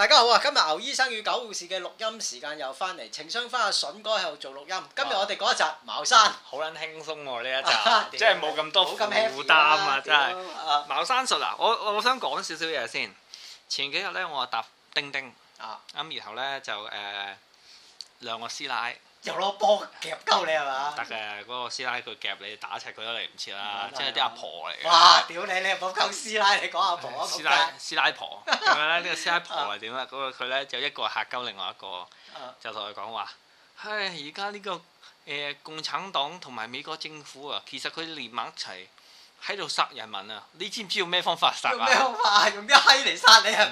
大家好啊！今日牛醫生與狗護士嘅錄音時間又翻嚟，情商翻阿筍哥喺度做錄音。今日我哋嗰一集茅山，好撚輕鬆喎、啊、呢一集，即係冇咁多負擔啊！麼麼真係的、啊啊、茅山術啊！我我想講少少嘢先。前幾日呢，我啊搭丁丁，咁、啊、然後呢，就誒兩、呃、個師奶。又攞波夾鳩你係嘛？得嘅、嗯，嗰個師奶佢夾你打一齊佢都嚟唔切啦，即係啲阿婆嚟嘅。哇！屌哇你，你唔好鳩師奶，你講阿婆。 師奶師奶婆咁樣咧， 係咪呢、呢個師奶婆係點咧？嗰個佢咧就一個係嚇鳩，另外一個、啊、就同佢講話。唉，而家呢個誒、呃、共產黨同埋美國政府啊，其實佢連埋一齊。喺度殺人民啊！你知唔知用咩方法殺方法啊？用咩方法，用啲閪嚟殺你啊！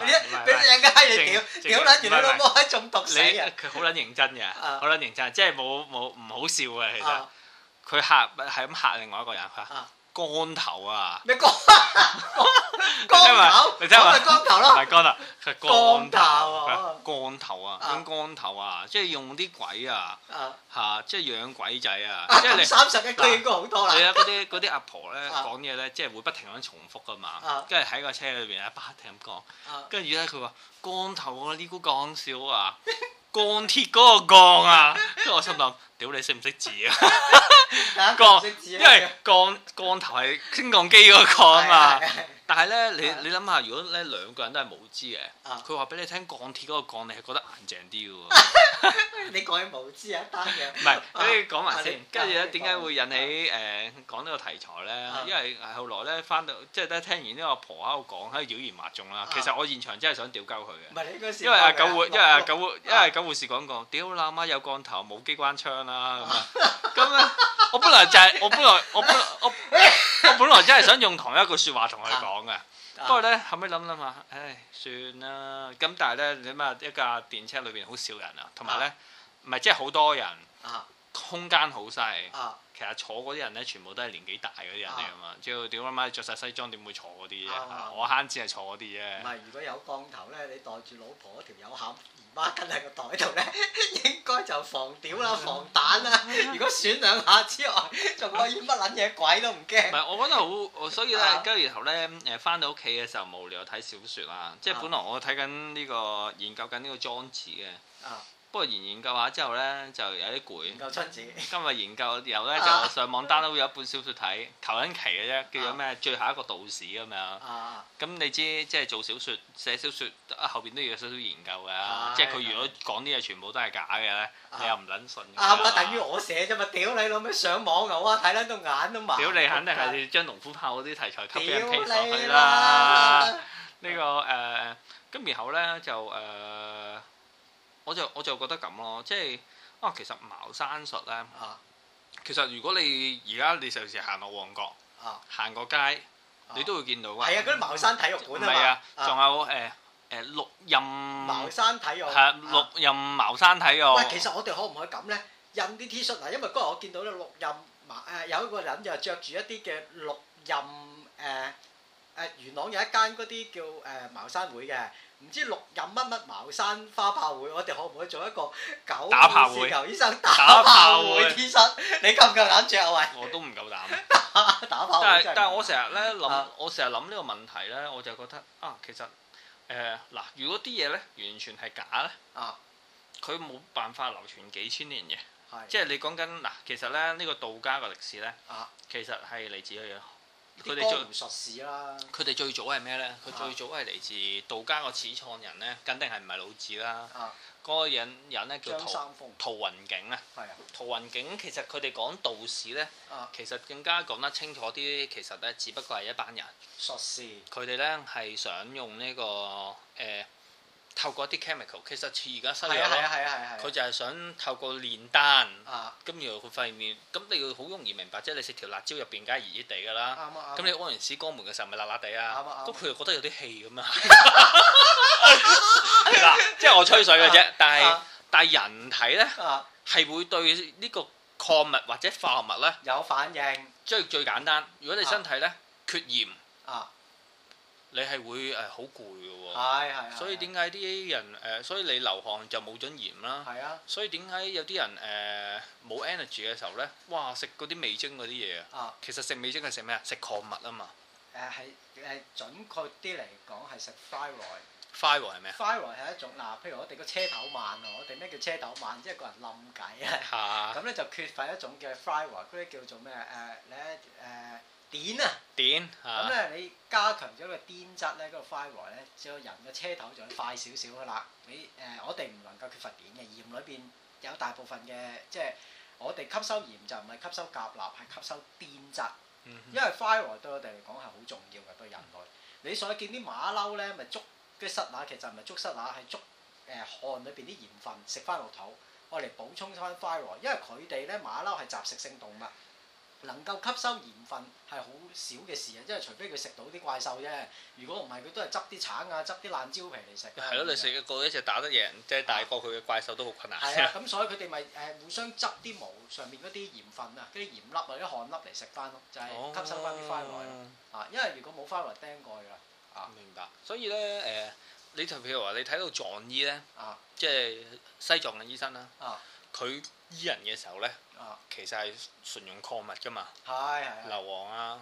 俾啲人嘅閪你屌，屌撚完你老母喺中毒死啊！佢好撚認真嘅，好撚、啊、認真，即係冇冇唔好笑嘅其實。佢、啊、嚇係咁嚇另外一個人佢。啊降頭啊！你降降，降頭，你聽咪降頭咯？係 降頭，係降頭啊，降頭啊！咁降，、啊啊、降頭啊，即係用啲鬼啊，嚇、啊啊，即係養鬼仔啊！啊即係、啊、三十一區應該好多啦。係啊，嗰啲啲阿婆咧講嘢咧，即係會不停咁重複噶嘛。跟住喺個車裏邊啊，面不停咁講。跟住咧，佢話：降頭啊，呢股講笑啊！鋼鐵嗰個鋼啊，因為 我心諗，屌你識唔識字啊？ 鋼，因為降降頭係升降機嗰個降啊嘛。 但係咧，你你諗下，如果咧兩個人都係無知嘅，佢話俾你聽鋼鐵嗰個鋼，你係覺得硬淨啲嘅喎。你講起無知啊，單嘢。唔係，你講埋先。跟住咧，點解會引起誒講呢個題材咧？因為後來咧翻到，即係都係聽完呢個婆喺度講，喺度妖言惑眾啦。其實我現場真係想屌鳩佢嘅。唔係你應因為阿九護，因為阿九因為九護士講過，屌嗱媽有鋼頭冇機關槍啦咁啊。咁咧，我本來就係我本來我本我我本來真係想用同一句説話同佢講。講嘅，不過咧後尾諗諗下，唉，算啦。咁但係咧，你諗下一架電車裏邊好少人啊，同埋咧，唔係即係好多人，啊、空間好細。啊、其實坐嗰啲人咧，全部都係年紀大嗰啲人嚟啊嘛、啊。主要點解咪着晒西裝？點會坐嗰啲啫？啊、我慳先係坐嗰啲啫。唔係，如果有降頭咧，你袋住老婆嗰條友冚。哇！跟喺個袋度咧，應該就防屌啦、防彈啦。如果選兩下之外，仲可以乜撚嘢？鬼都唔驚。唔係，我覺得好，所以咧，跟住然後咧，誒，翻到屋企嘅時候無聊睇小説啦。即係本來我睇緊呢個、啊、研究緊呢個莊子嘅。啊不過研究下之後咧，就有啲攰。研究出今日研究又咧就上網 download 咗一本小説睇，求緊奇嘅啫，叫做咩？最後一個道士咁樣。咁你知即係做小説寫小説，後邊都要有少少研究噶。即係佢如果講啲嘢全部都係假嘅咧，你又唔撚信。啱啊，等於我寫啫嘛！屌你老味，上網牛啊，睇到眼都麻。屌你肯定係你將農夫炮嗰啲題材。吸屌你啦！呢個誒，咁然後咧就誒。我就我就覺得咁咯，即係啊，其實茅山術咧，啊、其實如果你而家你成時行落旺角，行過、啊、街，你都會見到㗎。係啊，嗰啲茅山體育館啊，仲有誒誒六壬茅山體育，係六壬茅山體育。喂，其實我哋可唔可以咁咧？印啲 T 恤嗱，因為嗰日我見到咧，六壬，誒有一個人就着住一啲嘅六壬，誒誒元朗有一間嗰啲叫誒茅山會嘅。唔知錄飲乜乜茅山花炮會，我哋可唔可以做一個九？打炮會。劉醫生打炮會，炮會醫生，你夠唔夠膽著喂， 我都唔夠膽。 打炮會 但。但係，但係我成日咧諗，我成日諗呢個問題咧，我就覺得啊，其實誒嗱、呃，如果啲嘢咧完全係假咧，啊，佢冇辦法流傳幾千年嘅，係、啊，即係你講緊嗱，其實咧呢、呢個道家嘅歷史咧，啊，其實係嚟自佢。佢哋最術士啦！佢哋最早係咩呢？佢、啊、最早係嚟自道家個始創人呢，肯定係唔係老子啦？嗰、啊、個人呢叫陶陶雲景啦。係啊的！陶雲景其實佢哋講道士呢，啊、其實更加講得清楚啲。其實呢，只不過係一班人術士。佢哋呢係想用呢、這個誒。呃透過一啲 chemical，其實似而家西藥咯，佢就係想透過煉丹，咁然後佢發現，咁你要好容易明白，即係你食條辣椒入邊梗係熱熱地噶啦，咁你屙完屎肛門嘅時候咪辣辣地啊，咁佢又覺得有啲氣咁啊，嗱，即係我吹水嘅啫，但係但係人體咧係會對呢個礦物或者化學物咧有反應，即係最簡單，如果你身體咧缺鹽啊。你係會誒好攰嘅喎，哎、所以點解啲人誒、呃？所以你流汗就冇準鹽啦。啊、所以點解有啲人誒冇、呃、energy 嘅時候咧？哇！食嗰啲味精嗰啲嘢啊，其實食味精係食咩啊？食礦物啊嘛。誒係誒準確啲嚟講係食 fibre。fibre 係咩啊？fibre 係一種嗱、呃，譬如我哋個車頭慢喎，我哋咩叫車頭慢？即係個人冧偈啊。咁咧、嗯、就缺乏一種叫 fibre，嗰啲叫做咩誒咧誒？啊啊啊啊啊啊啊啊碘啊！碘咁咧，你加強咗個碘質咧，嗰個 fire 咧，人嘅車頭就會快少少噶啦。你誒、呃，我哋唔能夠缺乏碘嘅鹽裏邊有大部分嘅，即係我哋吸收鹽就唔係吸收鉀鈉，係吸收碘質。因為 fire 對我哋嚟講係好重要嘅，對人類。你所見啲馬騮咧，咪捉啲蝨乸，其實唔係捉蝨乸，係捉誒、呃、汗裏邊啲鹽分，食翻落肚，我嚟補充翻 fire 因為佢哋咧馬騮係雜食性動物,物。能夠吸收鹽分係好少嘅事啊！因為除非佢食到啲怪獸啫。如果唔係，佢都係執啲橙啊、執啲爛蕉皮嚟食。係咯，你食嘅個嗰隻打得贏，即係大過佢嘅怪獸都好困難。係啊，咁所以佢哋咪誒互相執啲毛上面嗰啲鹽分啊，嗰啲鹽粒或者汗粒嚟食翻咯，就係吸收翻啲花落去。啊，因為如果冇花露釘過嚟啦。啊，明白。所以咧誒，你譬如話你睇到藏醫咧，即係西藏嘅醫生啦，佢。啊醫人嘅時候咧，其實係純用礦物噶嘛，係係係硫磺啊，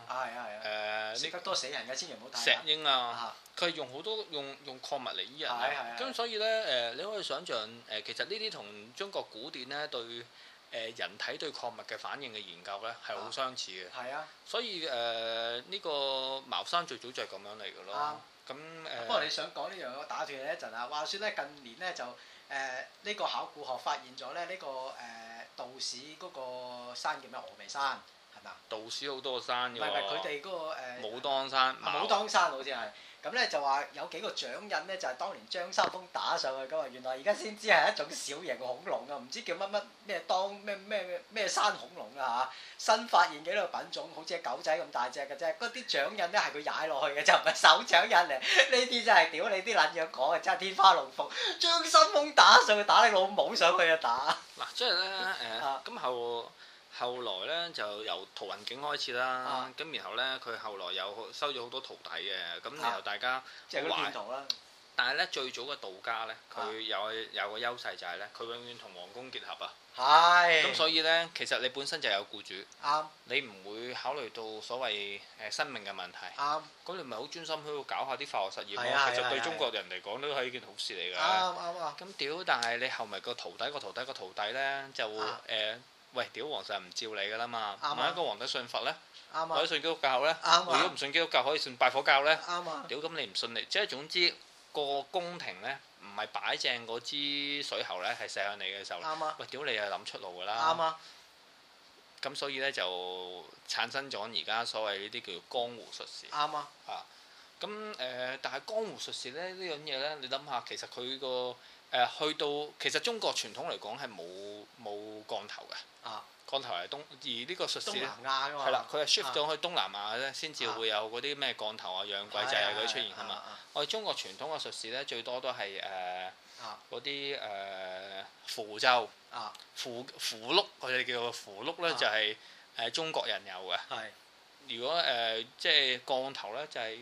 誒食得多死人嘅，千祈唔好打石英啊，佢係、啊、用好多用用礦物嚟醫人嘅、啊，咁所以咧誒、呃，你可以想象誒、呃，其實呢啲同中國古典咧對誒、呃、人體對礦物嘅反應嘅研究咧係好相似嘅。係啊，啊所以誒呢、呃這個茅山最早就係咁樣嚟嘅咯。咁誒、啊。啊、不過你想講呢樣，我打斷你一陣啊。話說咧，近年咧就。誒呢、呃這個考古學發現咗咧，呢、這個誒道士嗰個山叫咩峨眉山係嘛？道士好多個山㗎喎。唔係唔係佢哋嗰個、呃、武當山。啊、武當山好似係。咁咧就話有幾個掌印咧，就係當年張三豐打上去嘅嘛。原來而家先知係一種小型嘅恐龍啊，唔知叫乜乜咩當咩咩咩咩山恐龍啊嚇。新發現幾多個品種，好似狗仔咁大隻嘅啫。嗰啲掌印咧係佢踩落去嘅，就唔係手掌印嚟。呢啲真係屌你啲撚嘢講啊，真係天花龍鳳，張三豐打上去，打你老母上去打啊打！嗱，即係咧誒，咁係後來咧就由陶弘景開始啦，咁然後咧佢後來又收咗好多徒弟嘅，咁然後大家即係個變相啦。但係咧最早嘅道家咧，佢有有個優勢就係咧，佢永遠同皇宮結合啊。係。咁所以咧，其實你本身就有僱主。啱。你唔會考慮到所謂誒生命嘅問題。啱。咁你咪好專心去搞下啲化學實驗咯。係啊係啊。其實對中國人嚟講都係一件好事嚟㗎。啱啱啊。咁屌，但係你後咪個徒弟個徒弟個徒弟咧就誒。喂，屌皇上唔照你噶啦嘛？咪、嗯啊、一個皇帝信佛咧，嗯啊、或者信基督教咧，嗯啊、如果唔信基督教可以信拜火教咧，嗯啊、屌咁你唔信你，即係總之個宮廷咧唔係擺正嗰支水喉咧，係射向你嘅時候，喂、嗯啊、屌你係諗出路噶啦，咁、嗯啊、所以咧就產生咗而家所謂呢啲叫江湖術士，嗯、啊，咁誒、啊呃，但係江湖術士咧呢樣嘢咧，你諗下其實佢個。誒去到其實中國傳統嚟講係冇冇降頭嘅，降頭係東而呢個術士咧，係啦，佢係 shift 咗去東南亞咧，先至會有嗰啲咩降頭啊、養鬼仔啊嗰啲出現啊嘛。我哋中國傳統嘅術士咧，最多都係誒嗰啲誒符咒啊符符籙，我哋叫做符籙咧，就係誒中國人有嘅。係如果誒即係降頭咧，就係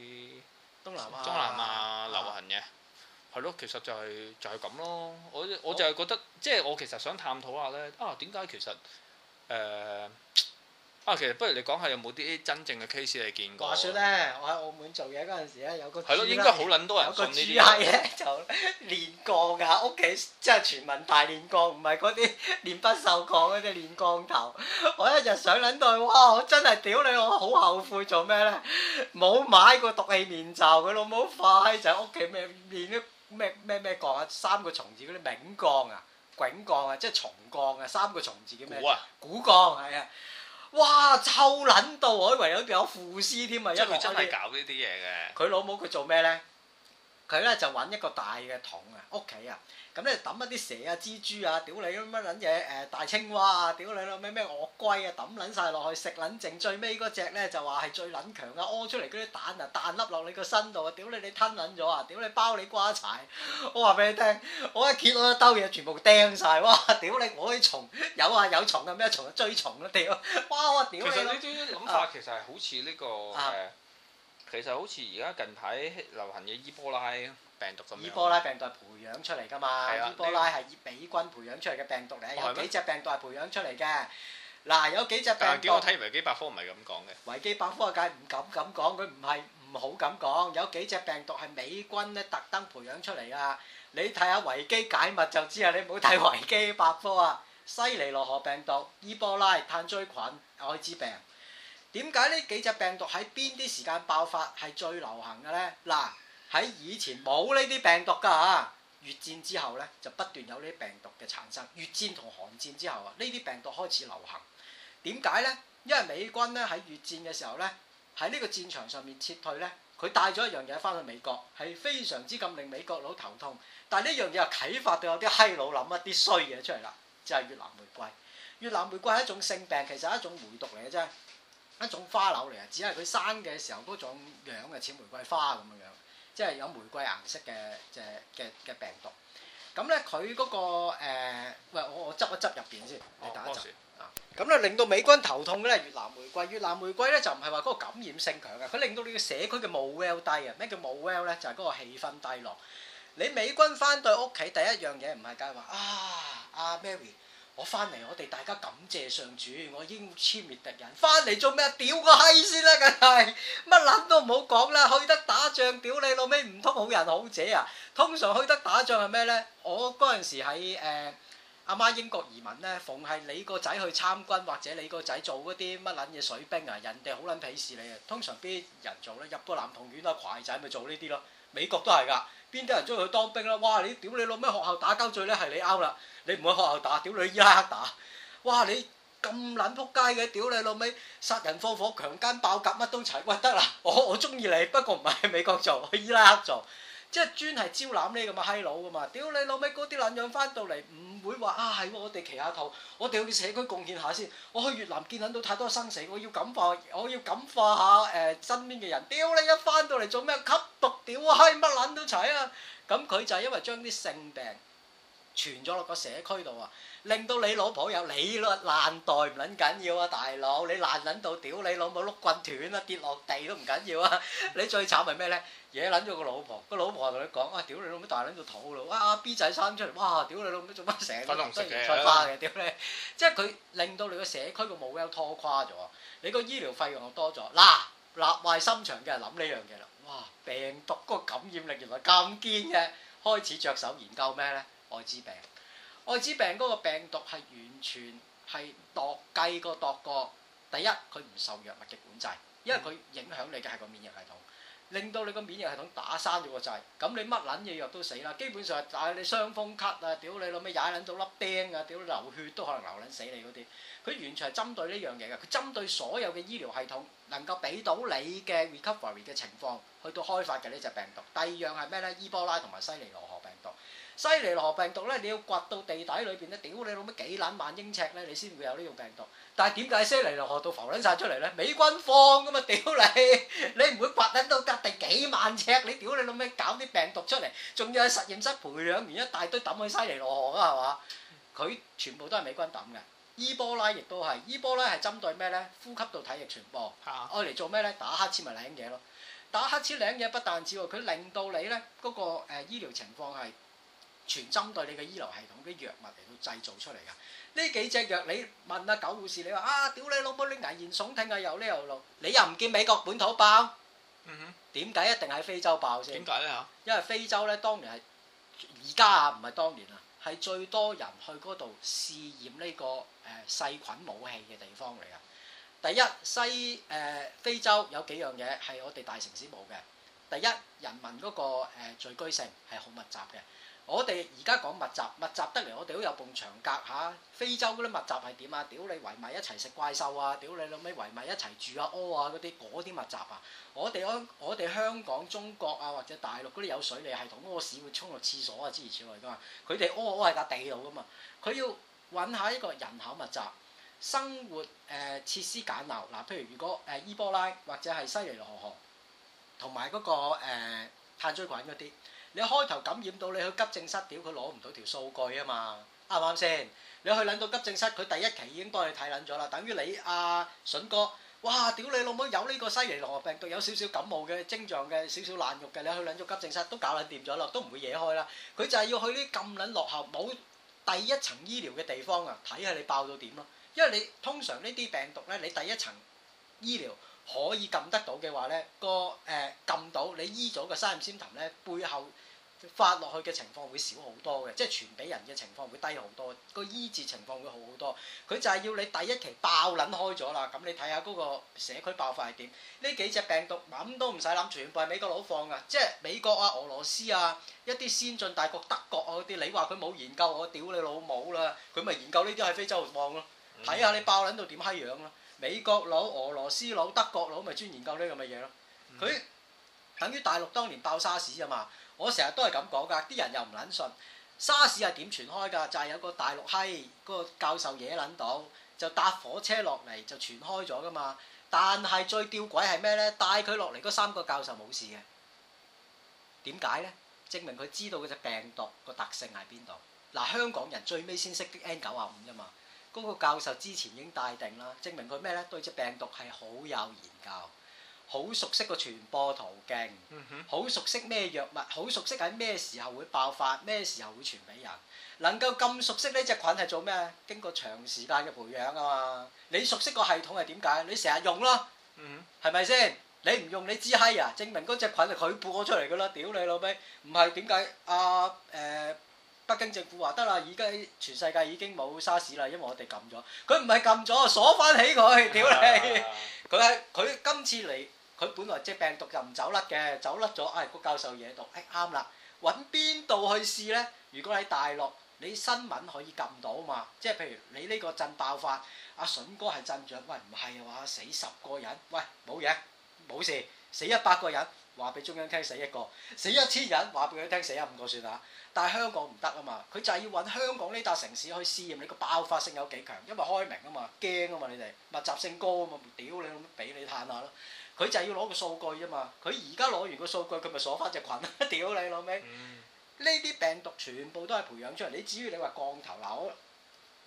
東南亞流行嘅。係咯，其實就係就係咁咯，我我就係覺得，即係我其實想探討下咧，啊點解其實誒啊其實不如你講下有冇啲真正嘅 case 你見過？話說咧，我喺澳門做嘢嗰陣時咧，有個係咯，應該好撚多人送呢啲。豬閪咧就練鋼噶，屋企即係全民大練鋼，唔係嗰啲練不鏽鋼嗰啲練鋼頭。我一日上撚到去，哇！我真係屌你，我好後悔做咩咧？冇買個毒氣面罩，佢老母快就喺屋企面練啲。咩咩咩降啊，三個蟲字嗰啲冥降啊、滾降啊，即係蟲降啊，三個蟲字叫咩？古，啊、蠱降係啊，啊，哇，臭撚到啊，我以為有有腐屍添啊，因為佢真係搞呢啲嘢嘅。佢老母，佢做咩咧？佢咧就揾一個大嘅桶啊，屋企啊，咁咧抌一啲蛇啊、蜘蛛啊、屌你乜撚嘢誒、大青蛙啊、屌你咯咩咩鱷龜啊，抌撚晒落去食撚淨，最尾嗰隻咧就話係最撚強啊，屙出嚟嗰啲蛋啊，蛋粒落你個身度啊，屌你你吞撚咗啊，屌你包你瓜柴！我話俾你聽，我一揭到一兜嘢，全部釘晒。哇！屌你，我啲蟲有啊，有蟲啊，咩蟲啊，追蟲啊，屌！哇！屌你～其實呢諗法其實係好似呢、呢個、啊啊其實好似而家近排流行嘅伊波拉病毒咁樣。伊波拉病毒係培養出嚟㗎嘛？係啊，伊波拉係以美軍培養出嚟嘅病毒嚟。有幾隻病毒係培養出嚟嘅。嗱，有幾隻病毒。點我睇唔係維基百科唔係咁講嘅。維基百科嘅梗係唔敢咁講，佢唔係唔好咁講。有幾隻病毒係美軍咧特登培養出嚟啊！你睇下維基解密就知啦，你唔好睇維基百科啊！西尼羅河病毒、伊波拉、炭疽菌、艾滋病。點解呢幾隻病毒喺邊啲時間爆發係最流行嘅呢？嗱，喺以前冇呢啲病毒㗎嚇。越戰之後呢，就不斷有呢啲病毒嘅產生。越戰同寒戰之後啊，呢啲病毒開始流行。點解呢？因為美軍咧喺越戰嘅時候呢，喺呢個戰場上面撤退呢，佢帶咗一樣嘢翻去美國，係非常之咁令美國佬頭痛。但係呢樣嘢又啟發到有啲閪佬諗一啲衰嘢出嚟啦，就係越南玫瑰。越南玫瑰係一種性病，其實係一種梅毒嚟嘅啫。一種花柳嚟嘅，只係佢生嘅時候嗰種樣嘅，似玫瑰花咁樣樣，即係有玫瑰顏色嘅嘅嘅嘅病毒。咁咧佢嗰個、呃、喂我我執一執入邊先，你打一陣。咁咧、哦啊、令到美軍頭痛嘅咧越南玫瑰，越南玫瑰咧就唔係話嗰個感染性強嘅，佢令到你嘅社區嘅 mood low 低啊！咩叫 mood low 咧？就係、是、嗰個氣氛低落。你美軍翻到屋企第一樣嘢唔係梗係話啊啊，啊，Mary。我翻嚟，我哋大家感謝上主，我已經殲滅敵人。翻嚟做咩？屌個閪先啦，梗係乜撚都唔好講啦。去得打仗，屌你老味唔通好人好姐啊？通常去得打仗係咩呢？我嗰陣時喺誒阿媽英國移民呢，逢係你個仔去參軍，或者你個仔做嗰啲乜撚嘢水兵啊，人哋好撚鄙視你啊。通常啲人做呢，入到男童院啊，拐仔咪做呢啲咯。美國都係噶，邊啲人中意去當兵啦？哇！你屌你老味，學校打交最叻係你啱啦。你唔去學校打，屌你伊拉克打。哇！你咁撚撲街嘅，屌你老味，殺人放火、強姦爆格乜都齊。喂，得啦。我我中意你，不過唔係去美國做，去伊拉克做，即係專係招攬呢咁嘅閪佬噶嘛。屌你老味，嗰啲撚樣翻到嚟唔會話啊，係我哋騎下套，我哋去社區貢獻下先。我去越南見到太多生死，我要感化，我要感化下誒身邊嘅人。屌你一翻到嚟做咩吸？篤屌啊！閪乜撚都齊啊！咁佢就係因為將啲性病傳咗落個社區度啊，令到你老婆有你爛袋唔撚緊要啊，大佬你爛撚到屌你老母碌棍斷啦，跌落地都唔緊要啊！你最慘係咩咧？惹撚咗個老婆，個老婆同你講：哇！屌你老母，大撚到肚啦！哇！B 仔生出嚟，哇！屌你老母，做乜成個都生唔出花嘅？屌你！即係佢令到你個社區個 model 拖垮咗，你個醫療費用又多咗。嗱，立壞心腸嘅人諗呢樣嘢啦。哇！病毒嗰個感染力原來咁堅嘅，開始着手研究咩呢？愛滋病，愛滋病嗰個病毒係完全係度計過度過。第一，佢唔受藥物嘅管制，因為佢影響你嘅係個免疫系統。令到你個免疫系統打閂咗個掣，咁你乜撚嘢藥都死啦。基本上係，但係你傷風咳啊，屌你老味，踩撚到粒釘啊，屌流血都可能流撚死你嗰啲。佢完全係針對呢樣嘢嘅，佢針對所有嘅醫療系統能夠俾到你嘅 recovery 嘅情況去到開發嘅呢隻病毒。第二樣係咩咧？伊波拉同埋西尼羅。西尼羅河病毒咧，你要掘到地底裏邊咧，屌你老味幾撚萬英尺咧，你先會有呢個病毒。但係點解西尼羅河到浮撚曬出嚟咧？美軍放㗎嘛！屌你，你唔會掘撚到隔地幾萬尺？你屌你老味搞啲病毒出嚟，仲要喺實驗室培養完一大堆抌去西尼羅河啊？係嘛？佢全部都係美軍抌嘅。伊波拉亦都係，伊波拉係針對咩咧？呼吸道體液傳播。嚇。愛嚟做咩咧？打黑黐咪舐嘢咯。打黑黐舐嘢不但止喎，佢令到你咧嗰個誒醫療情況係。全針對你嘅醫療系統嘅藥物嚟到製造出嚟㗎。呢幾隻藥，你問阿狗護士，你話啊，屌你老母，你危言聳聽啊，又呢又路，你又唔見美國本土爆，點解、嗯、哼一定喺非洲爆先？點解咧嚇？因為非洲咧，當年係而家啊，唔係當年啦，係最多人去嗰度試驗呢、這個誒、呃、細菌武器嘅地方嚟㗎。第一西誒、呃、非洲有幾樣嘢係我哋大城市冇嘅。第一，人民嗰、那個、呃、聚居性係好密集嘅。我哋而家講密集，密集得嚟，我哋都有埲牆隔下。非洲嗰啲密集係點啊？屌你圍埋一齊食怪獸啊！屌你老味圍埋一齊住啊屙啊嗰啲嗰啲密集啊！我哋香我哋香港中國啊或者大陸嗰啲有水利系統屙屎會沖落廁所啊之類之類噶嘛。佢哋屙屙係笪地度噶嘛。佢要揾下一個人口密集、生活誒、呃、設施簡陋嗱、呃。譬如如果誒、呃、伊波拉或者係西尼羅河,河，同埋嗰個誒、呃、炭疽菌嗰啲。你開頭感染到你去急症室，屌佢攞唔到條數據啊嘛，啱唔啱先？你去撚到急症室，佢第一期已經幫你睇撚咗啦，等於你阿筍哥，哇！屌你老母有呢個西尼羅病毒，有少少感冒嘅症狀嘅少少爛肉嘅，你去撚咗急症室都搞撚掂咗咯，都唔會惹開啦。佢就係要去啲咁撚落後冇第一層醫療嘅地方啊，睇下你爆到點咯。因為你通常呢啲病毒咧，你第一層醫療可以撳得到嘅話咧，個誒撳到你醫咗個三點三先頭咧，背後。發落去嘅情況會少好多嘅，即係傳俾人嘅情況會低好多，個醫治情況會好好多。佢就係要你第一期爆撚開咗啦，咁你睇下嗰個社區爆發係點？呢幾隻病毒諗都唔使諗，全部係美國佬放㗎，即係美國啊、俄羅斯啊、一啲先進大國德國啊嗰啲，你話佢冇研究我屌你老母啦，佢咪研究呢啲喺非洲放咯，睇下你爆撚到點閪樣咯。美國佬、俄羅斯佬、德國佬咪專研究呢咁嘅嘢咯。佢等於大陸當年爆沙士啊嘛。我成日都係咁講噶，啲人又唔撚信。沙士係點傳開噶？就係、是、有個大陸閪，嗰、那個教授野撚到，就搭火車落嚟就傳開咗噶嘛。但係最吊鬼係咩呢？帶佢落嚟嗰三個教授冇事嘅，點解呢？證明佢知道嗰隻病毒個特性喺邊度。嗱，香港人最尾先識 N 九廿五啫嘛。嗰、那個教授之前已經帶定啦，證明佢咩呢？對隻病毒係好有研究。好熟悉個傳播途徑，嗯哼，好熟悉咩藥物，好熟悉喺咩時候會爆發，咩時候會傳俾人，能夠咁熟悉呢隻菌係做咩？經過長時間嘅培養啊嘛，你熟悉個系統係點解？你成日用咯，嗯哼，係咪先？你唔用你知閪啊？證明嗰隻菌係佢播出嚟㗎啦！屌你老味，唔係點解？阿誒北京政府話得啦，而家全世界已經冇沙士啦，因為我哋撳咗。佢唔係撳咗，鎖翻起佢。屌你，佢係佢今次嚟。佢本來即病毒就唔走甩嘅，走甩咗。唉、哎，個教授嘢讀誒啱啦，揾邊度去試呢？如果喺大陸，你新聞可以撳到嘛？即係譬如你呢個鎮爆發，阿、啊、筍哥係鎮長，喂唔係啊？話死十個人，喂冇嘢冇事，死一百個人，話俾中央聽死一個，死一千人，話俾佢聽死一五個算啦。但係香港唔得啊嘛，佢就係要揾香港呢笪城市去試驗你個爆發性有幾強，因為開明啊嘛，驚啊嘛，你哋密集性高啊嘛，屌你，俾你嘆下咯。佢就係要攞個數據啫嘛，佢而家攞完個數據，佢咪鎖翻隻群，屌 你老了味。呢啲、嗯、病毒全部都係培養出嚟，至於你至於你話降頭佬，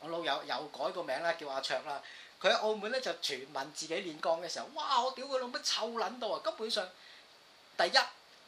我老友又改個名啦，叫阿卓啦，佢喺澳門咧就傳聞自己練降嘅時候，哇！我屌佢老母臭撚到啊，根本上第一，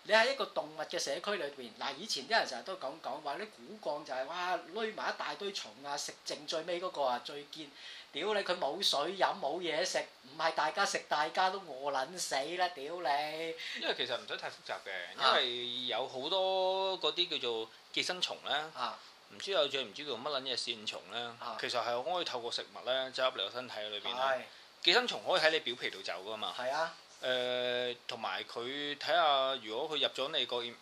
你喺一個動物嘅社區裏邊，嗱、啊、以前啲人成日都講講話啲古降就係哇，攆埋、就是、一大堆蟲啊，食剩最尾嗰個啊最堅。屌你！佢冇水飲冇嘢食，唔係大家食大家都餓撚死啦！屌你！因為其實唔使太複雜嘅，因為有好多嗰啲叫做寄生蟲啦，唔知有隻唔知道乜撚嘢線蟲啦，啊、其實係可以透過食物咧走入你個身體裏邊。是啊、寄生蟲可以喺你表皮度走噶嘛？係是啊、呃。誒，同埋佢睇下，如果佢入咗你個誒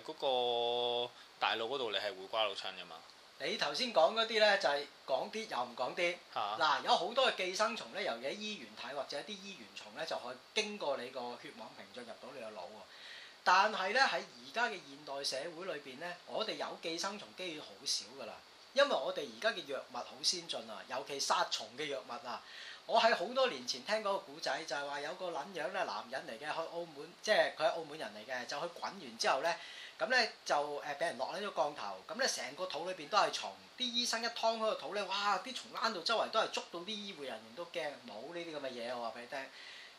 嗰個大腦嗰度，你係會瓜老襯㗎嘛？你頭先講嗰啲咧，就係講啲又唔講啲。嗱、啊，有好多寄生蟲咧，尤其係衣原體或者啲衣原蟲咧，就可以經過你個血網屏障入到你個腦喎。但係咧，喺而家嘅現代社會裏邊咧，我哋有寄生蟲機會好少㗎啦。因為我哋而家嘅藥物好先進啊，尤其殺蟲嘅藥物啊。我喺好多年前聽過個古仔，就係、是、話有個撚樣咧，男人嚟嘅去澳門，即係佢喺澳門人嚟嘅，就去滾完之後咧。咁咧就誒俾人落喺個降頭，咁咧成個肚裏邊都係蟲，啲醫生一劏開個肚咧，哇！啲蟲躝到周圍都係，捉到啲醫護人員都驚。冇呢啲咁嘅嘢我話俾你聽，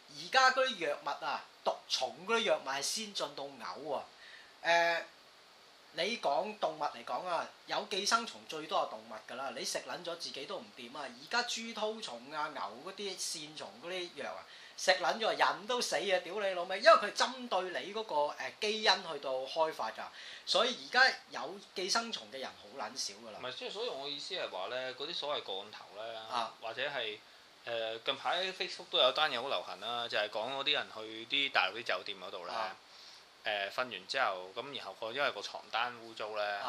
而家嗰啲藥物啊，毒蟲嗰啲藥物係先進到嘔喎，誒、呃，你講動物嚟講啊，有寄生蟲最多係動物㗎啦，你食撚咗自己都唔掂啊！而家豬絛蟲啊、牛嗰啲線蟲嗰啲藥啊。食撚咗人都死啊！屌你老味，因為佢針對你嗰、嗰個、呃、基因去到開發㗎，所以而家有寄生蟲嘅人好撚少㗎啦。唔係即係，所以我意思係話咧，嗰啲所謂降頭咧，是啊、或者係誒、呃、近排 Facebook 都有單嘢好流行啦，就係講嗰啲人去啲大陸啲酒店嗰度咧，誒瞓是、啊呃、完之後咁，然後個因為個床單污糟咧，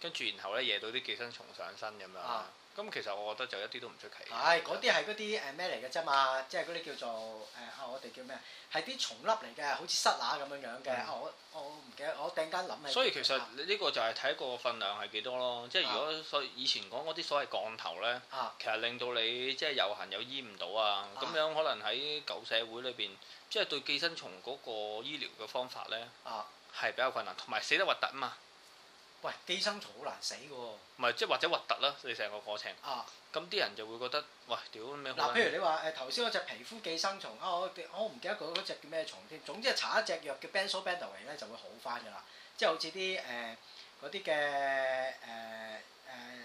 跟住是、啊、然後咧惹到啲寄生蟲上身咁樣。是啊咁其實我覺得就一啲都唔出奇。係嗰啲係嗰啲誒咩嚟嘅啫嘛，即係嗰啲叫做誒、呃、我哋叫咩？係啲蟲粒嚟嘅，好似塞乸咁樣樣嘅、嗯。我我唔記得，我突然間諗起。所以其實呢、嗯、個就係睇個份量係幾多咯，即係如果所、啊、以前講嗰啲所謂降頭咧，啊、其實令到你即係又痕又醫唔到啊。咁、啊、樣可能喺舊社會裏邊，即係對寄生蟲嗰個醫療嘅方法咧，係比較困難，同埋死得核突嘛。啊啊啊啊啊喂，寄生蟲好難死嘅喎。唔係，即係或者核突啦，你成個過程。啊。咁啲人就會覺得，喂，屌咩？嗱，譬如你話誒頭先嗰隻皮膚寄生蟲，啊我我唔記得佢嗰隻叫咩蟲添。總之搽一隻藥叫 Benzyl Benzoate 咧就會好翻㗎啦。即係好似啲誒嗰啲嘅誒誒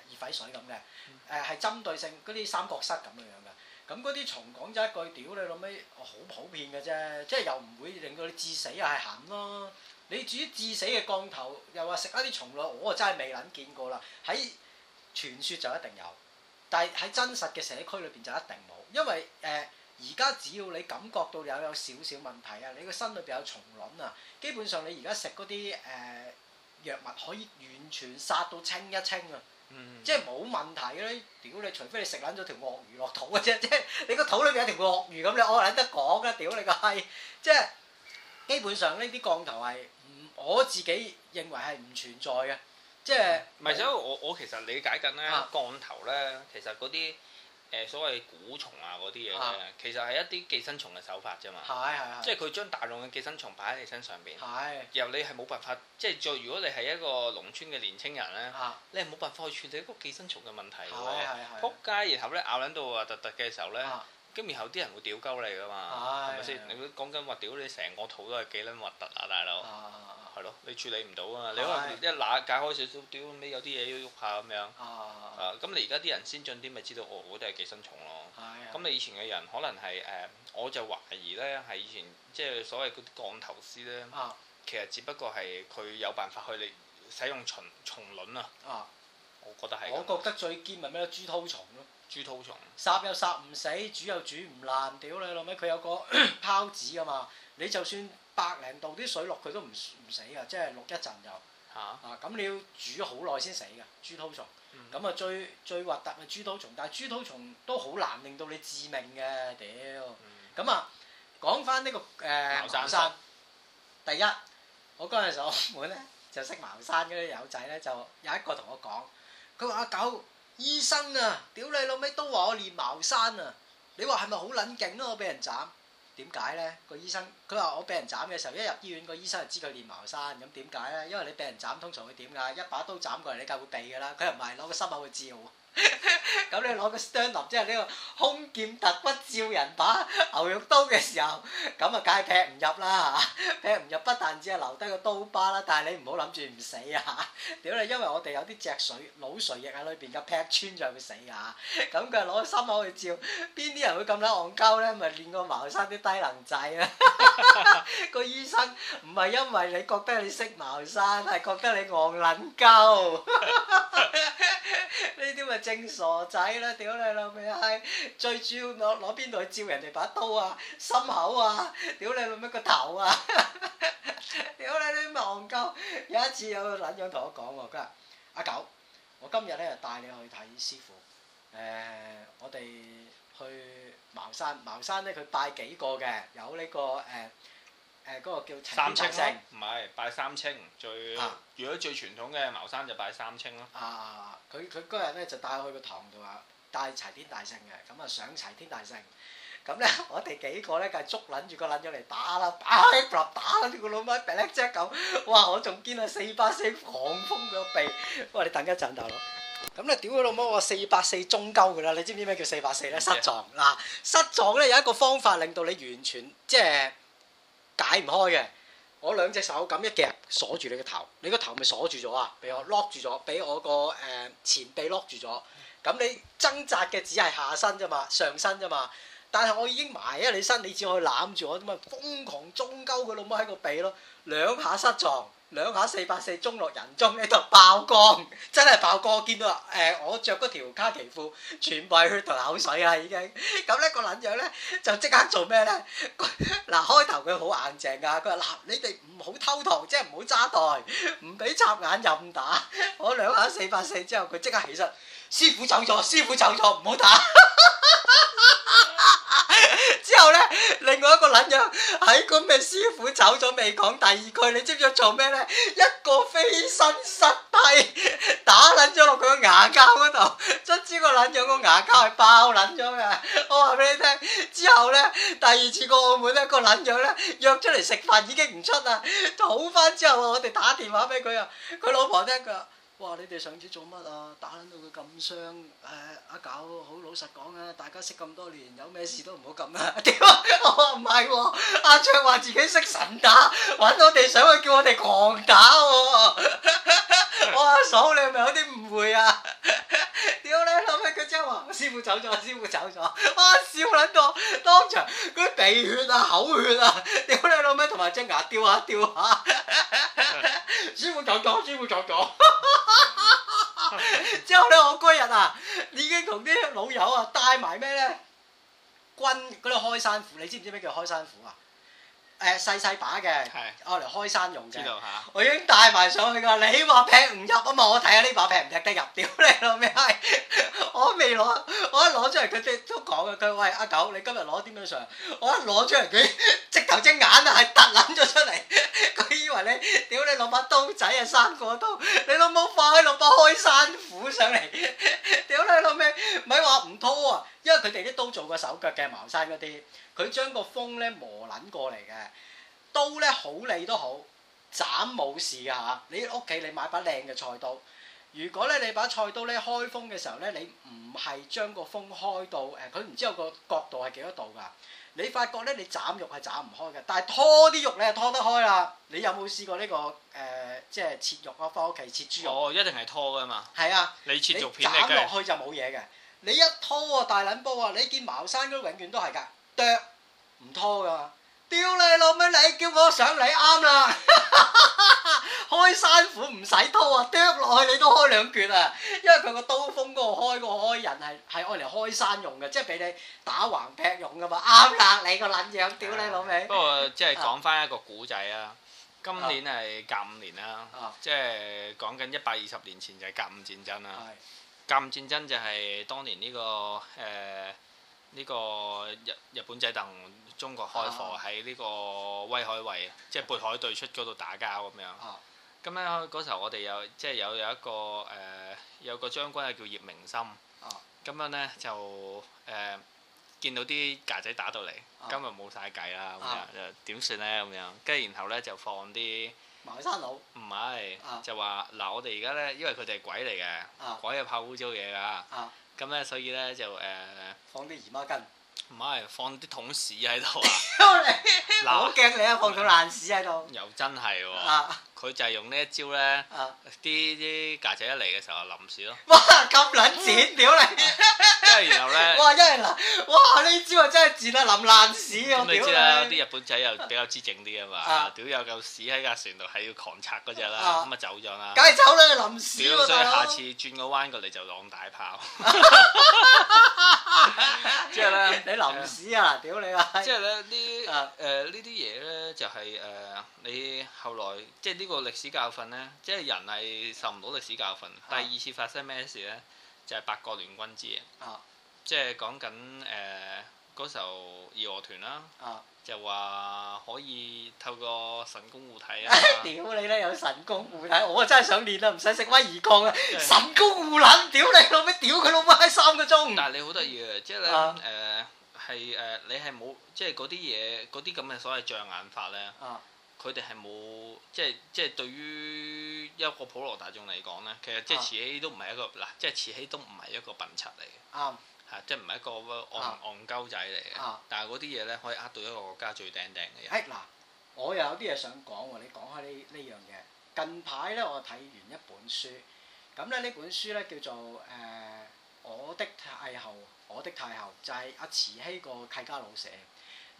熱痱水咁嘅，誒係針對性嗰啲三角室咁樣樣嘅。咁嗰啲蟲講咗一句屌你老味，好普遍嘅啫，即係又唔會令到你致死又係痕咯。你至於致死嘅降頭，又話食一啲蟲卵，我啊真係未撚見過啦。喺傳說就一定有，但係喺真實嘅社區裏邊就一定冇，因為誒而家只要你感覺到有有少少問題啊，你個身裏邊有蟲卵啊，基本上你而家食嗰啲誒藥物可以完全殺到清一清啊，嗯、即係冇問題嘅咧。屌你，除非你食撚咗條鱷魚落肚嘅啫，即係你個肚裏邊有條鱷魚咁，你我有得講啊。屌你個閪！即係基本上呢啲降頭係。我自己認為係唔存在嘅，即係唔係？所以，我我其實理解緊咧，降頭咧，其實嗰啲誒所謂蠱蟲啊嗰啲嘢其實係一啲寄生蟲嘅手法啫嘛。係係即係佢將大量嘅寄生蟲擺喺你身上邊。係。然後你係冇辦法，即係再如果你係一個農村嘅年青人咧，你係冇辦法去處理一個寄生蟲嘅問題嘅。撲街，然後咧咬撚到啊突突嘅時候咧，咁然後啲人會屌鳩你噶嘛，係咪先？你講緊話屌你成個肚都係幾撚核突啊，大佬！你處理唔到啊嘛！的你可能的一拿，解開少少屌，你有啲嘢要喐下咁樣。啊，咁、啊、你而家啲人先進啲，咪知道我嗰啲係寄生蟲咯。係咁的、啊、你以前嘅人可能係誒、呃，我就懷疑咧，係以前即係所謂嗰啲降頭師咧。啊。其實只不過係佢有辦法去利使用蟲蟲卵啊。啊。我覺得係。我覺得最堅咪咩豬絛蟲咯。豬絛蟲。殺又殺唔死，煮又煮唔爛不屌，屌你老味！佢有個孢 子啊嘛，你就算。百零度啲水落佢都唔唔死噶，即係落一陣就啊，咁、啊、你要煮好耐先死嘅豬刀蟲。咁啊、嗯、最最核突嘅豬刀蟲，但係豬刀蟲都好難令到你致命嘅屌。咁、嗯、啊講翻呢個誒、呃、茅山，茅山第一我嗰陣時澳門咧就識茅山嗰啲友仔咧，就有一個同我講，佢話阿狗醫生啊，屌你老味都話我練茅山啊，你話係咪好撚勁咯？我俾人斬。點解呢？個醫生佢話我俾人斬嘅時候，一入醫院，個醫生就知佢練茅山。咁點解呢？因為你俾人斬通常會點㗎？一把刀斬過嚟，你梗係會避㗎啦。佢又唔係攞個心口去照。咁你攞個鏘林，即係呢個空劍突骨照人把牛肉刀嘅時候，咁啊梗係劈唔入啦，劈唔入不但只係留低個刀疤啦，但係你唔好諗住唔死啊！屌你，因為我哋有啲脊髓、腦髓液喺裏邊，嘅劈穿就會死噶。咁佢攞個心口去照，邊啲人會咁撚戇鳩咧？咪練過茅山啲低能仔啊？個醫生唔係因為你覺得你識茅山，係覺得你戇撚鳩。呢啲咪～正傻仔啦！屌你老味，係最主要攞攞邊度去照人哋把刀啊，心口啊！屌你老咩個頭啊！屌你你戇鳩，有一次有個捻樣同我講喎，今日阿九，我今日咧就帶你去睇師傅。誒、呃，我哋去茅山，茅山咧佢拜幾個嘅，有呢、呢個誒。呃誒嗰、呃嗰個叫齊天大聖，唔係拜三清最，啊、如果最傳統嘅茅山就拜三清咯。啊！佢佢嗰日咧就帶我去個堂度啊，帶齊天大聖嘅，咁啊上齊天大聖。咁咧我哋幾個咧梗係捉撚住個撚咗嚟打啦，打！砰打你、這個老母，白叻精咁。哇！我仲見到四百四狂風個鼻。喂，你等一陣，大佬。咁你屌佢老母！我四百四中鳩噶啦！你知唔知咩叫四百四咧？失狀嗱，失狀咧有一個方法令到你完全即係。即解唔開嘅，我兩隻手咁一夾鎖住你個頭，你個頭咪鎖住咗啊！俾我 lock 住咗，俾我個誒前臂 lock 住咗。咁你掙扎嘅只係下身咋嘛，上身咋嘛？但係我已經埋喺你身，你只可以攬住我咁啊！瘋狂中鳩佢老母喺個鼻咯，兩下失狀。兩下四百四中落人中呢度爆光，真係爆光！見到誒、呃，我着嗰條卡其褲，全部係血同口水啊已經。咁呢、個撚樣呢，就即刻做咩呢？嗱 開頭佢好硬淨噶，佢話嗱你哋唔好偷糖，即係唔好揸袋，唔俾插眼唔打。我兩下四百四之後，佢即刻起身，師傅走咗，師傅走咗，唔好打。 之後呢，另外一個撚樣喺嗰咩師傅走咗未，講第二句，你知唔知做咩呢？一個飛身失梯，打撚咗落佢個牙膠嗰度，卒之個撚樣個牙膠係爆撚咗嘅。我話俾你聽，之後呢，第二次過澳門呢，個撚樣呢約出嚟食飯已經唔出啦，好翻之後我哋打電話俾佢啊，佢老婆聽佢。哇！你哋上次做乜啊？打撚到佢咁傷，哎、阿搞好老實講啊！大家識咁多年，有咩事都唔好咁啊。屌！ 我話唔係喎，阿卓話自己識神打，揾我哋上去叫我哋狂打喎、啊。 我阿嫂，你係咪有啲誤會啊？屌你老味！佢即係話，師傅走咗，師傅走咗，哇笑撚、啊、到，當場嗰啲鼻血啊、口血啊，屌你老味，同埋隻牙掉下掉下，師傅走咗，師傅走咗。之後咧，我嗰日啊，已經同啲老友啊帶埋咩咧？軍嗰啲開山斧，你知唔知咩叫開山斧啊？誒、呃、細細把嘅，我嚟是開山用嘅。我知道我已經帶埋上去㗎，你起碼劈唔入啊嘛？我睇下呢把劈唔劈得入？屌你老味，我未攞，我一攞出嚟佢哋都講嘅。佢話：喂，阿狗，你今日攞啲咩上？我一攞出嚟，佢直頭隻眼啊，係突撚咗出嚟。佢以為你，屌你攞把刀仔啊，生果刀。你老母放開攞把開山斧上嚟，屌你老味，唔係話唔偷啊！因為佢哋啲刀做過手腳嘅，茅山嗰啲，佢將個鋒咧磨撚過嚟嘅，刀咧好利都好，斬冇事啊嚇！你屋企你買把靚嘅菜刀，如果咧你把菜刀咧開鋒嘅時候咧，你唔係將個鋒開到誒，佢唔知有個角度係幾多度㗎？你發覺咧你斬肉係斬唔開嘅，但係拖啲肉你係拖得開啦。你有冇試過呢、這個誒、呃，即係切肉啊？翻屋企切豬肉。哦，一定係拖㗎嘛。係啊。你切肉片斬落是。去就冇嘢嘅。你一拖啊，大撚波啊！你見茅山嗰啲永遠都係㗎，剁唔拖噶。屌你老味，你叫我上嚟啱啦！開山斧唔使拖啊，剁落去你都開兩拳啊！因為佢個刀鋒嗰度開個開刃係係愛嚟開山用嘅，即係俾你打橫劈用噶嘛。啱啦，你個撚樣，屌你老味！不過即係講翻一個古仔啦，今年係甲午年啦，即係講緊一百二十年前就係甲午戰爭啦。甲午戰爭就係當年呢、這個誒呢、呃這個日日本仔同中國開火喺呢個威海衛，即係渤海對出嗰度打交咁樣。咁咧嗰時候我哋有即係有有一個誒、呃、有個將軍係叫葉明心。咁、啊、樣咧就誒、呃、見到啲架仔打到嚟，啊、今日冇晒計啦，咁就點算咧咁樣？跟住然後咧就放啲。茅山佬唔係，就話嗱、啊、我哋而家咧，因為佢哋係鬼嚟嘅，啊、鬼又怕污糟嘢㗎，咁咧、啊、所以咧就誒、呃、放啲姨媽巾，唔係放啲桶屎喺度，好驚 你啦啊！放咗爛屎喺度，又真係喎。佢就係用呢一招咧，啲啲架仔一嚟嘅時候淋屎咯。哇！咁撚賤屌你！即係然後咧，哇！一係嗱，哇！呢招啊真係賤啊，淋爛屎啊！咁你知啦，啲日本仔又比較知整啲啊嘛，屌有嚿屎喺架船度，係要狂拆嗰隻啦，咁啊走咗啦。梗係走啦，淋屎嗰度。所以下次轉個彎過嚟就擋大炮。即係咧，你淋屎啊！屌你啊！即係咧啲誒呢啲嘢咧，就係誒你後來即係呢。個歷史教訓咧，即係人係受唔到歷史教訓。第二次發生咩事咧？就係八國聯軍之嘅，即係講緊誒嗰時候義和團啦，就話可以透過神功護體啊！屌你咧，有神功護體，我真係想練啦，唔使食威而鋼啊！神功護冷，屌你老味，屌佢老母三個鐘！但係你好得意啊，即係你誒係誒，你係冇即係嗰啲嘢嗰啲咁嘅所謂障眼法咧。佢哋係冇，即係即係對於一個普羅大眾嚟講咧，其實即係慈禧都唔係一個嗱，啊、即係慈禧都唔係一個笨賊嚟嘅，係、啊、即係唔係一個戇戇鳩仔嚟嘅。啊、但係嗰啲嘢咧，可以呃到一個國家最頂頂嘅人。嗱、啊，我又有啲嘢想講喎，你講下呢呢樣嘢，近排咧我睇完一本書，咁咧呢本書咧叫做《誒、呃、我的太后》，我的太后就係、是、阿慈禧個契家老舍。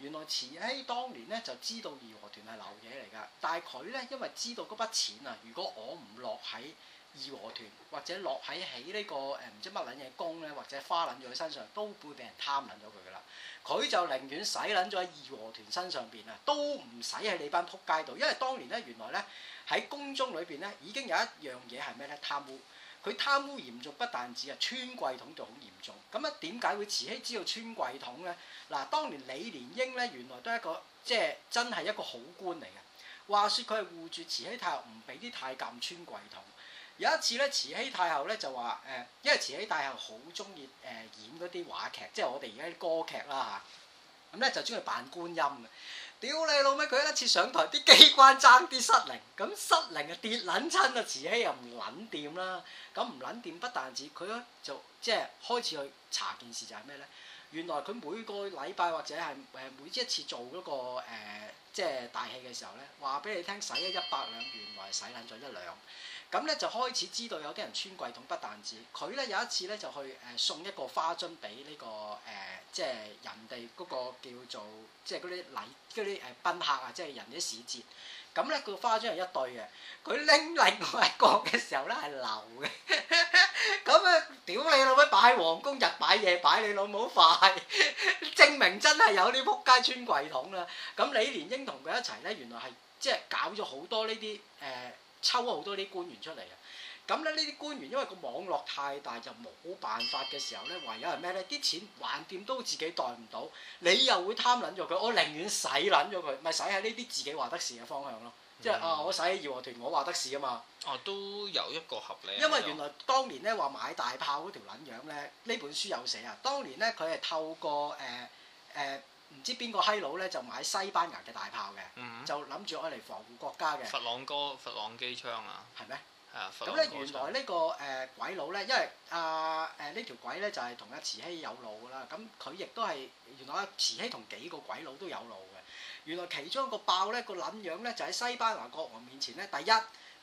原來慈禧當年咧就知道義和團係流嘢嚟㗎，但係佢咧因為知道嗰筆錢啊，如果我唔落喺義和團或者落喺起呢個誒唔知乜撚嘢宮咧，或者花撚咗佢身上，都會俾人貪撚咗佢㗎啦。佢就寧願使撚咗喺義和團身上邊啊，都唔使喺你班撲街度，因為當年咧原來咧喺宮中裏邊咧已經有一樣嘢係咩咧貪污。佢貪污嚴重，不但止啊，穿櫃桶就好嚴重。咁啊，點解會慈禧知道穿櫃桶咧？嗱，當年李蓮英咧，原來都係一個即係真係一個好官嚟嘅。話說佢係護住慈禧太后唔俾啲太監穿櫃桶。有一次咧，慈禧太后咧就話誒，因為慈禧太后好中意誒演嗰啲話劇，即係我哋而家啲歌劇啦吓，咁、嗯、咧就中意扮觀音。屌你老味，佢一次上台啲機關爭啲失靈，咁失靈啊跌撚親啊，遲起又唔撚掂啦。咁唔撚掂，不但止佢咧，就即係開始去查件事就係咩咧？原來佢每個禮拜或者係誒每一次做嗰、那個即係、呃就是、大戲嘅時候咧，話俾你聽，使咗一百兩，原來係使撚咗一兩。咁咧就開始知道有啲人穿櫃桶，不但止。佢咧有一次咧就去誒送一個花樽俾呢個誒，即係人哋嗰個叫做即係嗰啲禮嗰啲誒賓客啊，即係人啲使節。咁咧個花樽係一對嘅，佢拎另外一個嘅時候咧係流嘅。咁 啊、嗯，屌你老母！擺喺皇宮日擺夜擺你，你老母快， 證明真係有啲撲街穿櫃桶啦。咁李蓮英同佢一齊咧，原來係即係搞咗好多呢啲誒。呃抽好多啲官員出嚟啊！咁咧呢啲官員因為個網絡太大就冇辦法嘅時候咧，唯有係咩咧？啲錢橫掂都自己袋唔到，你又會貪撚咗佢，我寧願使撚咗佢，咪使喺呢啲自己話得事嘅方向咯。即係、嗯、啊，我使喺義和團，我話得事啊嘛。哦、啊，都有一個合理、啊。因為原來當年咧話買大炮嗰條撚樣咧，呢本書有寫啊。當年咧佢係透過誒誒。呃呃唔知邊個閪佬咧就買西班牙嘅大炮嘅，嗯、哼就諗住攞嚟防護國家嘅。佛朗哥、佛朗機槍啊，係咩嗎？係啊。咁咧原來呢、這個誒、呃、鬼佬咧，因為啊誒、呃呃、呢條鬼咧就係同阿慈禧有路㗎啦。咁佢亦都係原來阿慈禧同幾個鬼佬都有路嘅。原來其中一個爆咧個撚樣咧就喺西班牙國王面前咧，第一。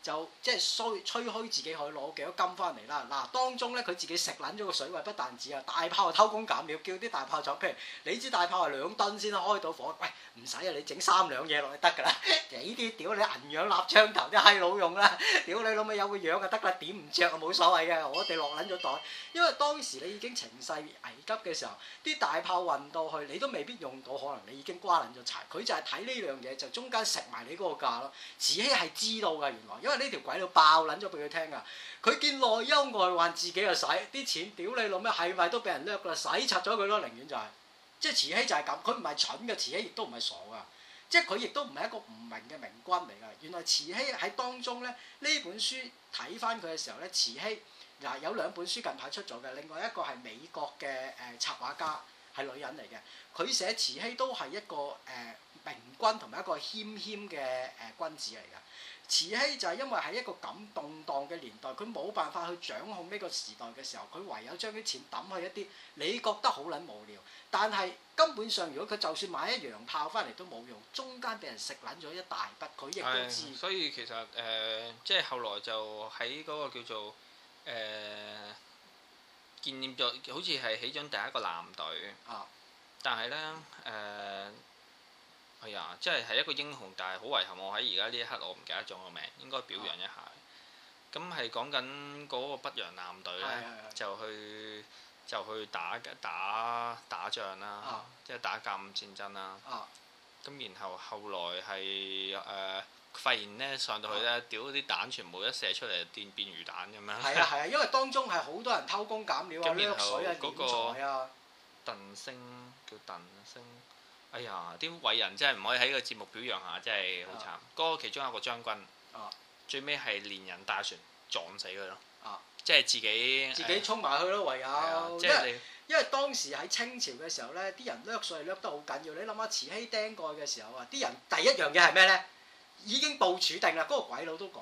就即係吹吹開自己可以攞幾多金翻嚟啦！嗱，當中咧佢自己食撚咗個水位不但止啊！大炮啊偷工減料，叫啲大炮廠譬如，你支大炮係兩噸先開到火，喂唔使啊，你整三兩嘢落去得㗎啦！呢啲屌你銀樣蠟槍頭啲閪佬用啦，屌你老味有個樣啊得啦，點唔着啊冇所謂嘅，我哋落撚咗袋，因為當時你已經情勢危急嘅時候，啲大炮運到去你都未必用到，可能你已經瓜撚咗柴。佢就係睇呢樣嘢，就中間食埋你嗰個價咯。自己係知道㗎，原來。因為呢條鬼佬爆撚咗俾佢聽啊。佢見內憂外患，自己又使啲錢，屌你老咩係咪都俾人掠啦，洗擦咗佢咯，寧願就係即係慈禧就係咁，佢唔係蠢嘅慈禧，亦都唔係傻噶，即係佢亦都唔係一個唔明嘅明君嚟噶。原來慈禧喺當中咧，呢本書睇翻佢嘅時候咧，慈禧嗱、呃、有兩本書近排出咗嘅，另外一個係美國嘅誒插畫家係女人嚟嘅，佢寫慈禧都係一個誒明、呃、君同埋一個謙謙嘅誒君子嚟嘅。慈禧就係因為喺一個咁動盪嘅年代，佢冇辦法去掌控呢個時代嘅時候，佢唯有將啲錢抌去一啲你覺得好撚無聊，但係根本上如果佢就算買一洋炮翻嚟都冇用，中間俾人食撚咗一大筆，佢亦都知、哎。所以其實誒、呃，即係後來就喺嗰個叫做誒、呃，建立咗好似係起咗第一個艦隊。啊但呢！但係咧誒。係啊，即係係一個英雄，但係好遺憾，我喺而家呢一刻我唔記得咗個名，應該表揚一下。咁係講緊嗰個北洋艦隊咧、啊，就去就去打打打仗啦，啊、即係打甲午戰爭啦。咁、啊、然後後來係誒、呃、發現咧上到去咧，屌啲彈全部一射出嚟變變魚蛋咁樣。係啊係啊，因為當中係好多人偷工減料啊，淥水後啊，剪材啊。鄧星叫鄧星。哎呀，啲偉人真係唔可以喺個節目表揚下，真係好慘。嗰、啊、個其中一個將軍，啊、最尾係連人帶船撞死佢咯，啊、即係自己自己衝埋去咯，哎、呀唯有，即係，因為當時喺清朝嘅時候咧，啲人掠水掠得好緊要。你諗下，慈禧釘過嘅時候啊，啲人第一樣嘢係咩咧？已經部署定啦，嗰個鬼佬都講。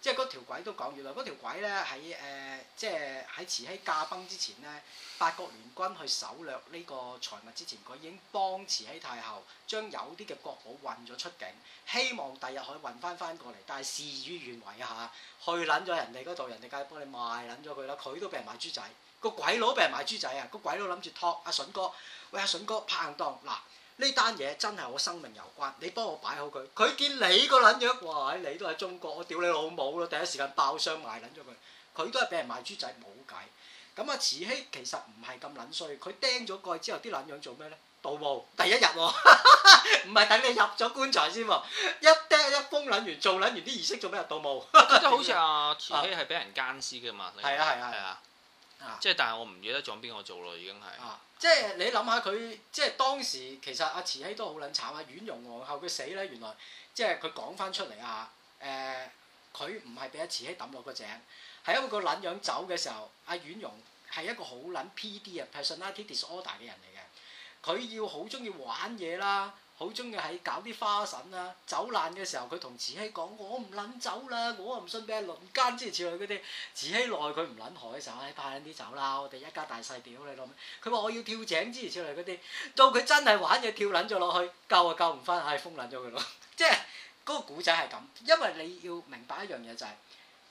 即係嗰條鬼都講完啦，嗰條鬼咧喺誒，即係喺慈禧駕崩之前咧，八國聯軍去搜掠呢個財物之前，佢已經幫慈禧太后將有啲嘅國寶運咗出境，希望第日可以運翻翻過嚟，但係事與願違啊！去撚咗人哋嗰度，人哋梗係幫你賣撚咗佢啦，佢都俾人賣豬仔，個鬼佬俾人賣豬仔啊！個鬼佬諗住託阿筍哥，喂阿筍哥拍硬檔嗱。呢單嘢真係我生命有關，你幫我擺好佢。佢見你個撚樣，哇！你都係中國，我屌你老母咯！第一時間爆箱賣撚咗佢。佢都係俾人賣豬仔，冇計。咁啊，慈禧其實唔係咁撚衰，佢釘咗蓋之後，啲撚樣做咩呢？盜墓第一日喎，唔係等你入咗棺材先喎。一釘一封撚完，做撚完啲儀式做，做咩入盜墓？即係好似啊，慈禧係俾人奸屍嘅嘛？係啊係啊。啊！即係但係我唔記得仲邊個做咯，已經係。啊！是即係你諗下佢，即係當時其實阿慈禧都好撚慘，阿婉容皇后佢死咧，原來即係佢講翻出嚟啊！誒、呃，佢唔係俾阿慈禧抌落個井，係因為個撚樣走嘅時候，阿、啊、婉容係一個好撚 P.D. 啊，personality disorder 嘅人嚟嘅，佢要好中意玩嘢啦。好中意喺搞啲花臣啊！走難嘅時候，佢同慈禧講：我唔撚走啦，我唔信俾人輪奸之類似類嗰啲。慈禧耐佢唔撚海嘅，快撚啲走啦！我哋一家大細屌你老味！佢話我要跳井之類似類嗰啲，到佢真係玩嘢跳撚咗落去，救啊救唔翻，唉，封撚咗佢咯。即係嗰個古仔係咁，因為你要明白一樣嘢就係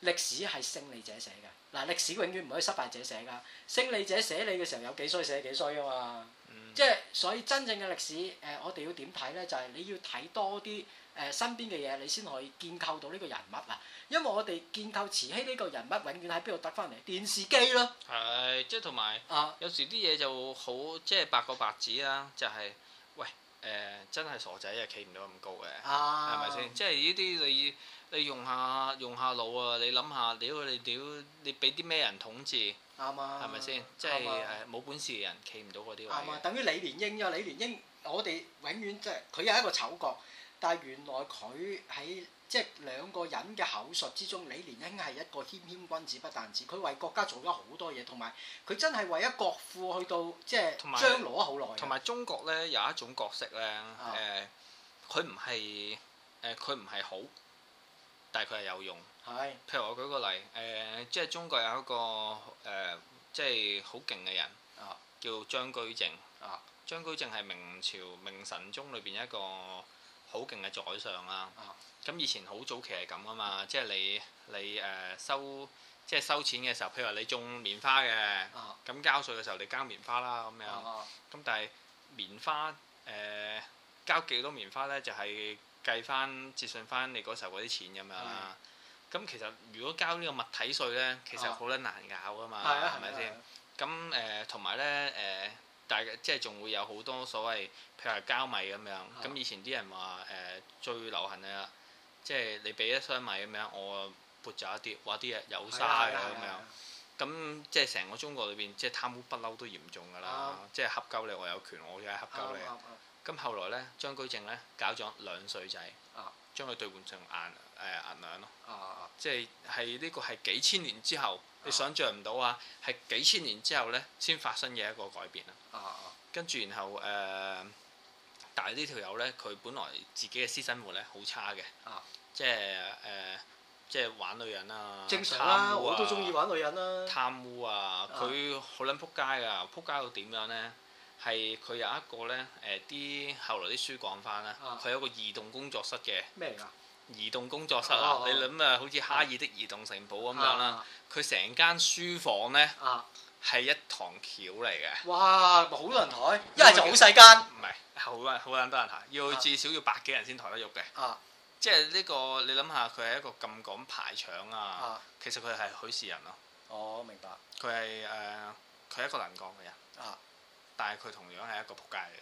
歷史係勝利者寫嘅，嗱，歷史永遠唔可以失敗者寫噶，勝利者寫你嘅時候有幾衰寫幾衰啊嘛～即係所以真正嘅歷史，誒、呃、我哋要點睇咧？就係、是、你要睇多啲誒、呃、身邊嘅嘢，你先可以建構到呢個人物啊。因為我哋建構慈禧呢個人物，永遠喺邊度得翻嚟？電視機咯。係，即係同埋有時啲嘢就好，即係白過白紙啦。就係、是、喂，誒、呃、真係傻仔啊企唔到咁高嘅，係咪先？即係呢啲你。你用下用下腦啊！你諗下屌你屌你俾啲咩人統治？啱啊嘛，係咪先？即係誒冇本事嘅人企唔到嗰啲位。啱等於李連英啊，李連英我，我哋永遠即係佢有一個丑角，但係原來佢喺即係兩個人嘅口述之中，李連英係一個謙謙君子不但止。佢為國家做咗好多嘢，同埋佢真係為一國父去到即係張羅咗好耐。同埋中國咧有一種角色咧誒，佢唔係誒佢唔係好。但佢係有用，的譬如我舉個例，誒、呃，即係中國有一個誒、呃，即係好勁嘅人，啊、叫張居正。啊、張居正係明朝明神宗裏邊一個好勁嘅宰相啦。咁、啊、以前好早期係咁啊嘛，嗯、即係你你誒、呃、收，即係收錢嘅時候，譬如你種棉花嘅，咁、啊、交稅嘅時候你交棉花啦咁樣。咁、啊啊、但係棉花誒、呃、交幾多棉花呢？就係、是就。是計翻折算翻你嗰時候嗰啲錢咁樣，咁、嗯、其實如果交呢個物體稅呢，其實好撚難搞噶嘛，係咪先？咁誒同埋呢，誒、呃，大即係仲會有好多所謂，譬如係交米咁樣。咁的以前啲人話誒、呃、最流行嘅，即係你俾一箱米咁樣，我撥走一啲，話啲嘢有沙咁樣。咁即係成個中國裏邊，即係貪污不嬲都嚴重㗎啦。啊、即係恰鳩你，我有權，我要係恰鳩你。啊啊咁後來咧，張居正咧搞咗兩歲仔，將佢兌換成銀誒銀兩咯，即係係呢個係幾千年之後你想像唔到啊！係幾千年之後咧先發生嘅一個改變啊！跟住然後誒，但係呢條友咧，佢本來自己嘅私生活咧好差嘅，即係誒，即係玩女人啊，正常啦，啊，我都中意玩女人啦，貪污啊，佢好撚撲街㗎，撲街到點樣咧？係佢有一個呢，誒啲後來啲書講翻啦，佢有個移動工作室嘅。咩嚟噶？移動工作室啊！你諗啊，好似哈爾的移動城堡咁樣啦。佢成間書房呢，係一堂橋嚟嘅。哇！好多人抬，一係就好細間。唔係好多，好多人抬，要至少要百幾人先抬得喐嘅。即係呢個你諗下，佢係一個咁講排場啊，其實佢係許氏人咯。我明白。佢係誒，佢係一個能講嘅人。啊！但係佢同樣係一個仆街嚟嘅，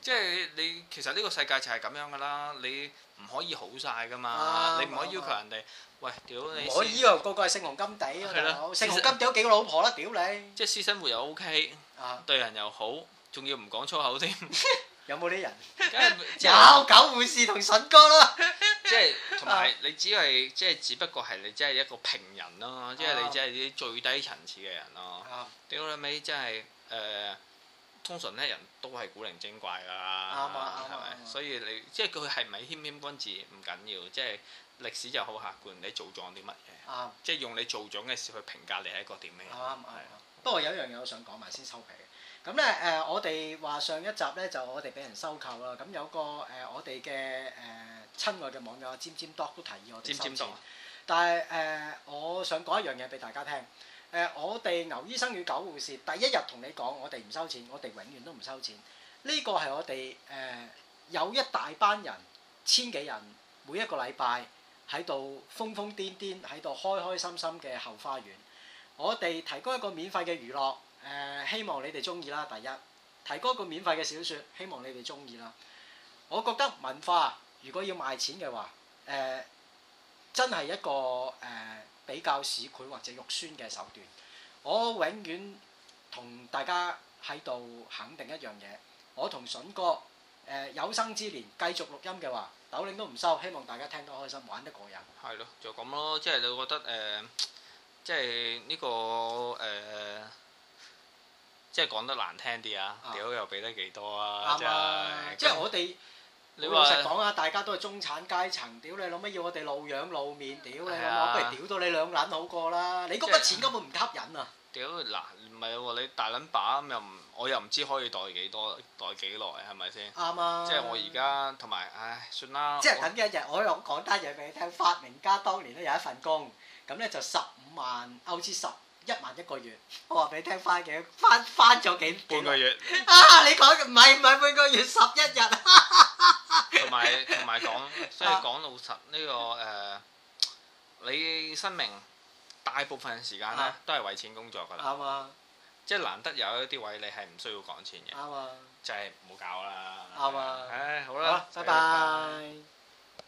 即係你其實呢個世界就係咁樣嘅啦，你唔可以好晒噶嘛，你唔可以要求人哋，喂，屌你！唔可以喎，個個係聖雄甘地啊？聖雄甘地屌幾個老婆啦，屌你！即係私生活又 OK，啊，對人又好，仲要唔講粗口添。有冇啲人？有搞護士同信哥咯。即係同埋你只係即係，只不過係你只係一個平人咯，即係你只係啲最低層次嘅人咯。屌你尾真係誒！通常咧人都係古靈精怪噶啦，係咪？所以你即係佢係咪謙謙君子唔緊要，即係歷史就好客觀。你做咗啲乜嘢？啱、啊。即係用你做咗嘅事去評價你係一個點嘅人？啱係、啊是啊。不過有一樣嘢我想講埋先收皮。咁咧誒，我哋話上一集咧就我哋俾人收購啦。咁有個誒、呃、我哋嘅誒親愛嘅網友尖尖 doc 都提議我。尖尖 doc。但係誒、呃，我想講一樣嘢俾大家聽。呃、我哋牛醫生與狗護士第一日同你講，我哋唔收錢，我哋永遠都唔收錢。呢、這個係我哋誒、呃、有一大班人，千幾人，每一個禮拜喺度瘋瘋癲癲，喺度開開心心嘅後花園。我哋提供一個免費嘅娛樂，誒、呃，希望你哋中意啦。第一，提供一個免費嘅小説，希望你哋中意啦。我覺得文化如果要賣錢嘅話，誒、呃，真係一個誒。呃比較市儈或者肉酸嘅手段，我永遠同大家喺度肯定一樣嘢。我同筍哥誒、呃、有生之年繼續錄音嘅話，抖領都唔收，希望大家聽得開心，玩得過癮。係咯，就咁咯，即係你會覺得誒、呃，即係呢、呢個誒、呃，即係講得難聽啲啊！屌又俾得幾多啊？多啊啊即係即係我哋。你老實講啊，大家都係中產階層，屌你諗乜要我哋露養露面，屌你咁，我不如屌到你兩撚好過啦！你嗰筆錢根本唔吸引啊！屌嗱，唔係喎，你大撚把又唔，我又唔知可以袋幾多，袋幾耐，係咪先？啱啊！即係我而家同埋，唉，算啦。即係等一日，我又講單嘢俾你聽。發明家當年咧有一份工，咁咧就十五萬歐之十一萬一個月。我話俾你聽翻幾，翻翻咗幾？半個月。啊！你講唔係唔係半個月十一日？同埋同埋講，所以講老實呢、 呢個誒、呃，你生命大部分時間咧都係為錢工作㗎啦，啱啊吧！即係難得有一啲位你係唔需要講錢嘅，啱啊吧！就係唔好搞啦，啱啊吧！唉，好啦，好吧，拜拜。拜拜。